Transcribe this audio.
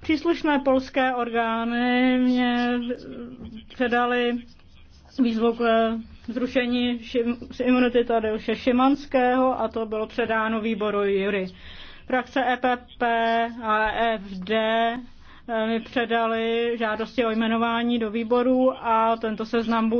Příslušné polské orgány mě předali výzvu k eh, zrušení šim, imunity Tadeuše Šimanského a to bylo předáno výboru Jury. Frakce EPP a EFD eh, mi předali žádosti o jmenování do výboru a tento seznam bude